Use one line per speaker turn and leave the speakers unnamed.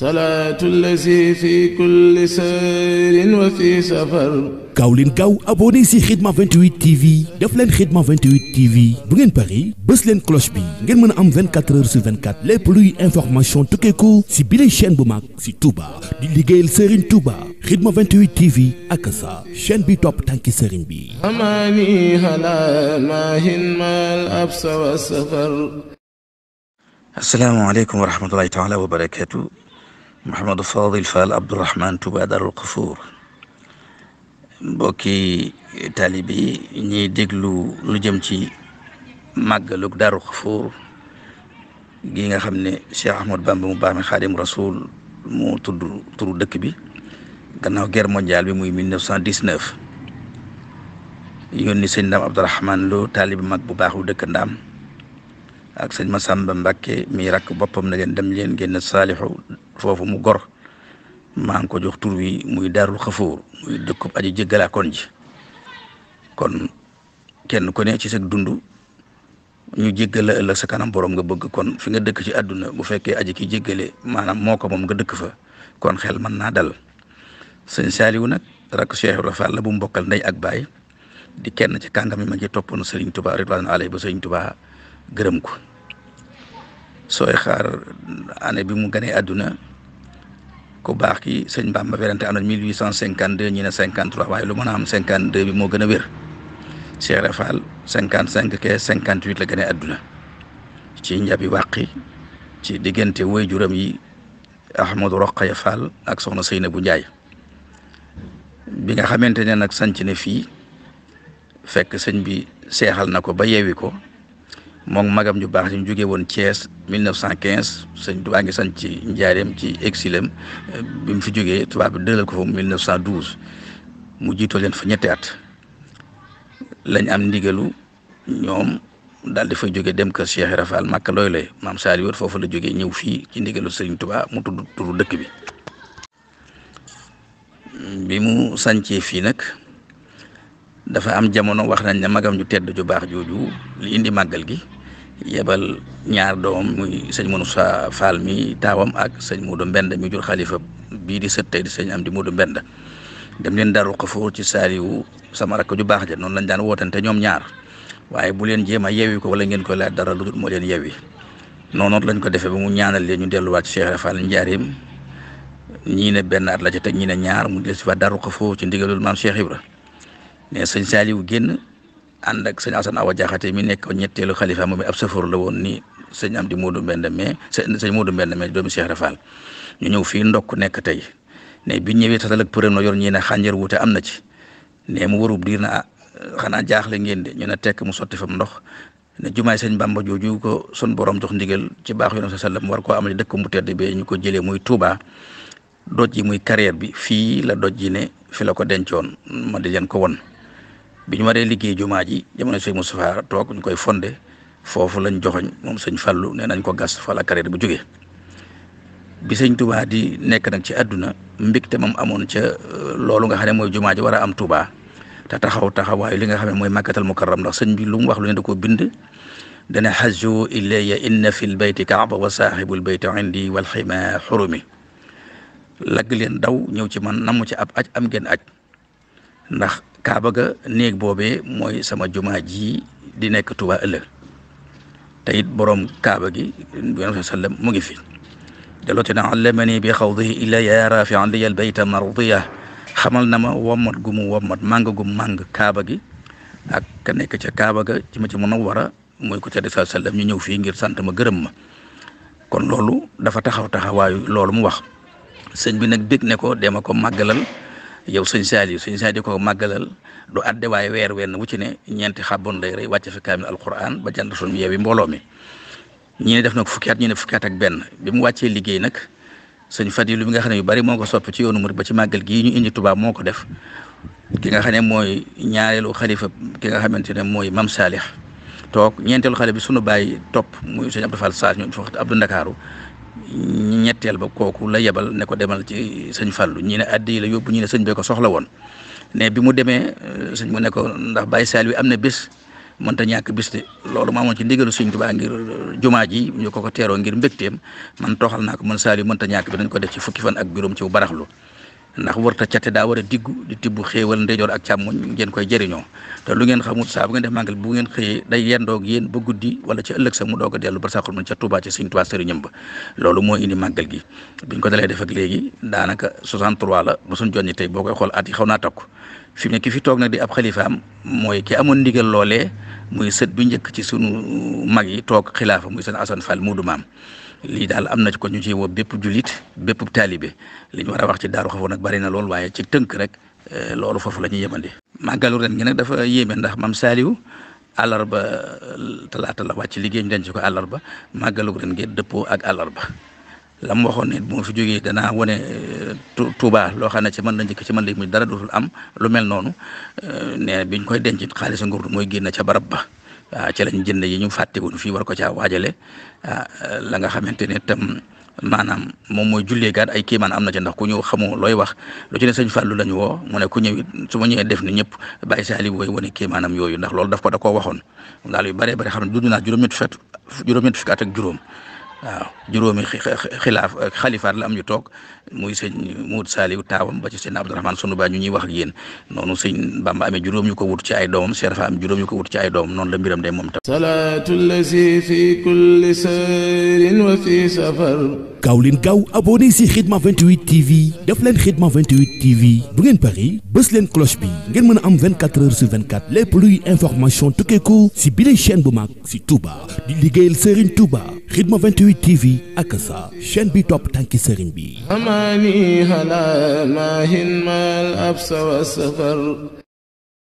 salaatu lazi fi kulli sayrin wa fi safar. gaaw leen gaaw abonné si Khidma 28 TV def leen Khidma 28 TV bu ngeen pari bës leen cloche bi ngeen mën a am 24 heures sur 24 lépp luy information tukkeeku si bile chaîne bu mag si Touba di liggéeyal Serigne Touba Khidma 28 TV ak sa chaîne bi topp tànki Serigne bi. amaani halal maahin maal absa wa safar. Mouhamadou Fadil Fall Abdourahman Touba Darul Qafour mbokki taalib yi ñiy déglu lu jëm ci màggalug Darul Qafour gi nga xam ne Cheikh Ahmad Bamba mu baax mi Xaadim Rasul mu tudd turu dëkk bi gannaaw guerre mondiale bi muy 1919 yónni sëñ Ndam Abdourahman lu taalib mag bu baax bu dëkk Ndam. ak sëñ Masamba Mbacke mi rakk boppam na leen dem leen génn saalixu foofu mu gor maa ngi ko jox tur wi muy daarul xafuur muy dëkkub aji jéggalaakoon ji kon kenn ku ne ci sa dund ñu jéggala ëllëg sa kanam borom nga bëgg kon fi nga dëkk ci àdduna bu fekkee aji ki jéggale maanaam moo ko moom nga dëkk fa kon xel mën naa dal sëñ Saaliwu nag rakk Cheikh Ibra Fall la bu mbokkal ndey ak baay di kenn ci kàngam yi ma ngi toppoon Serigne Touba ridwaan alayhi ba Serigne Touba gërëm ko sooy xaar année bi mu ganee àdduna ko baax ki sëñ ba werante am na mille huit cent cinquante deux ñu ne cinquante trois waaye lu mën a am cinquante deux bi moo gën a wér Cheikh Rafal cinquante cinquante huit la ganee àdduna ci njabi wàqi ci diggante woy juram yi Ahmadou Roqaya Fall ak soxna bu njaay bi nga xamante ne nag sanc ne fii fekk sëñ bi seexal na ko ba yeewi ko moom magam ju baax si ñu jógee woon Thiès 1915 sëñ Tuubaa ngi sañ ci njaareem ci exilem bi mu fi jógee tubaab bi dëlal ko fa 1912 mu jiito leen fa ñetti at lañ am ndigalu ñoom daal di fa jóge dem kër Cheikh Rafal Makka looy lay maam Saliou foofu la jógee ñëw fii ci ndigalu sëñ tubaa mu tudd turu dëkk bi bi mu sancee fii nag dafa am jamono wax nañ ne magam ju tedd ju baax jooju li indi màggal gi yebal ñaar doomam muy sëñ Moussa Fall mi taawam ak sëñ Modou Mbend mi jur xalifa bii di sët tey di sëñ am di Modou Mbend dem leen daru xafoor ci saaliwu sama rakk ju baax ja noonu lañ daan wootante ñoom ñaar waaye bu leen jéem a yeewi ko wala ngeen koy laaj dara lu moo leen yeewi noonu lañ ko defee ba mu ñaanal leen ñu delluwaat ci Cheikh Fall Njaarim ñii ne benn at la ca teg ñii ne ñaar mu del si fa daru xafoor ci ndigalul maam Cheikh Ibra ne sëñ saaliwu génn ànd ak sëñ Assane Awa Diakhaté mi nekk ñetteelu xalifa moom ab safoor la woon ni sëñ am di Modou Mbend mais sëñ Modou Mbend mais doomu Cheikh Rafal ñu ñëw fii ndokk nekk tey ne bi ñëwee tatal ak përëm na yor ñii ne xànjar wuute am na ci ne mu warub diir na ah, xanaa jaaxle ngeen de ñu ne tekk mu sotti fam ndox ne jumaay sëñ Bamba jooju ko sun borom jox ndigal ci baax yoonam sa sallam war ko am dëkk mu tedd bee ñu ko jëlee muy Touba doj yi muy carrière bi fii la doj yi ne fi la ko dencoon ma di leen ko won bi ñu waree liggéey jumaa ji jamono Sëñ Moustapha toog ñu koy fonde foofu lañ joxoñ moom sëñ fallu nee nañ ko gas fa la bu jógee bi sëñ di nekk nag ci àdduna mbégte moom amoon ca euh, loolu nga xam ne mooy jumaa ji war a am Touba ta taxaw taxawaayu li nga xam ne mooy màkkatal mukarram ndax sëñ bi lu mu wax lu ne da koo bind dana xaju ilayya inna fi l bayti kaaba wa saaxibul bayti indi wal xima xurumi lagg leen daw ñëw ci man namu ci ab aj am ngeen aj ndax kaaba ga néeg boobee mooy sama jumaa ji di nekk Tuubaa ëllëg te it boroom kaaba gi yonent mu ngi fi deloote na allamani bi xawdihi illa ya rafian liyal bayta mardiya xamal na ma wommat gu mu wommat màng gu màng kaaba gi ak ka nekk ca kaaba ga ci ma ci mën a war a mooy ko tedd saa sallam ñu ñëw fii ngir sant ma gërëm ma kon loolu dafa taxaw taxawaayu loolu mu wax sëñ bi nag dégg ne ko dema ko màggalal yow sëñ Saaliw sëñ Saaliw ko màggalal du adde waaye weer wenn wu ci ne ñeenti xabboon lay rey wàcce fi kaamil alquran ba jant suñu yeewi mbooloo mi ñi def na ko fukki at ne fukki ak benn bi mu wàccee liggéey nag sëñ Fadilu bi nga xam ne yu bari moo ko sopp ci yoonu murid ba ci màggal gii ñu indi Tuubaa moo ko def ki nga xam ne mooy ñaareelu xalifa ki nga xamante ne mooy Mam Saalix toog ñeenteelu xale bi sunu baay topp muy sëñ Abdou Fall Saas ñu wax Abdou ñetteel ba kooku la yebal ne ko demal ci sëñ fallu ñi ne addi la yóbbu ñi ne sëñ bee ko soxla woon ne bi mu demee euh, sëñ mu ne ko ndax Baye Saliou am na bés mënta ñàkk bis de loolu ma amoon ci ndigalu sëñ Tuubaa ngir euh, jumaa ji ñu ko ko teeroo ngir mbégteem man tooxal naa ko man Saliou mënta ñàkk bi dañ ko def ci fukki fan ak juróom ci bu baraxlu ndax warta cate daa war a diggu di tibb xéewal ndeyjoor ak càmmoñ ngeen koy jëriñoo te lu ngeen xamut saa bu ngeen def màggal bu ngeen xëyee day yendoog yéen ba guddi wala ci ëllëg sa mu doog a dellu ba saxul man ca Touba ci Sëriñ Touba sëriñam ba loolu moo indi màggal gi biñ ko dalee def ak léegi daanaka 63 la ba suñ joññi tey boo koy xool at yi xaw naa takku fi mu ne ki fi toog nag di ab xalifaam mooy ki amoon ndigal loolee muy sët bu njëkk ci sunu mag yi toog xilaafa muy seen Assane Fall muudu maam lii daal am na ci ko ñu ci woo bépp julit bépp taalibe li ñu war a wax ci daaru xafoon nag bari na lool waaye ci tënk rek eh, loolu foofu la ñuy yemandi. màggalu ren gi nag dafa yéeme ndax mam Saliou àllarba eh, talaata la wàcc liggéey ñu denc ko àllarba màggalu ren gi dëppoo ak àllarba la mu waxoon ne moo ma fi jógee danaa wane eh, Touba loo xam ne ca mën la njëkk ci man lay muy dara dootul am lu mel noonu nee na biñ koy denc xaalisu nguur mooy génn ca barab ba. Ah, ci lañ jënd yi ñu fàttewoon fii war ko caa waajale ah, a nga xamante ne tam maanaam moom mooy jullee gaat ay kiimaan am na ca ndax ku ñëw xamoo looy wax lu ci ne sëñ Fallou lañ woo mu ne ku ñëw it su ma ñëwee def ni ñëpp bàyyi saali wooy wane kiimaanam yooyu ndax loolu daf ko da koo waxoon daal yu bare bëri xam ne dund naa juróom-ñett fukki at ak juróom waaw juróomi xilaaf xalifaat la am ñu toog muy sëñ Muut Saaliw taawam ba ci sëñ Abdourahmane sunu baa ñu ñuy wax ak yéen noonu sëñ Bamba amee juróom ñu ko wut ci ay doom Cheikh dafa am juróom ñu ko wut ci ay doom noonu la mbiram day moom tam salaatu lazi fi kulli sayrin wa fi safar gaaw leen gaaw abonné si Khidma 28 TV def leen Khidma TV bu ngeen bari bës leen cloche bi ngeen mën a am 24 heures sur 24 lépp luy information tukkee ko si bile chaîne bu mag si Touba di liggéeyal Mourchid TV ak sa chaîne bi topp tànki sëriñ bi.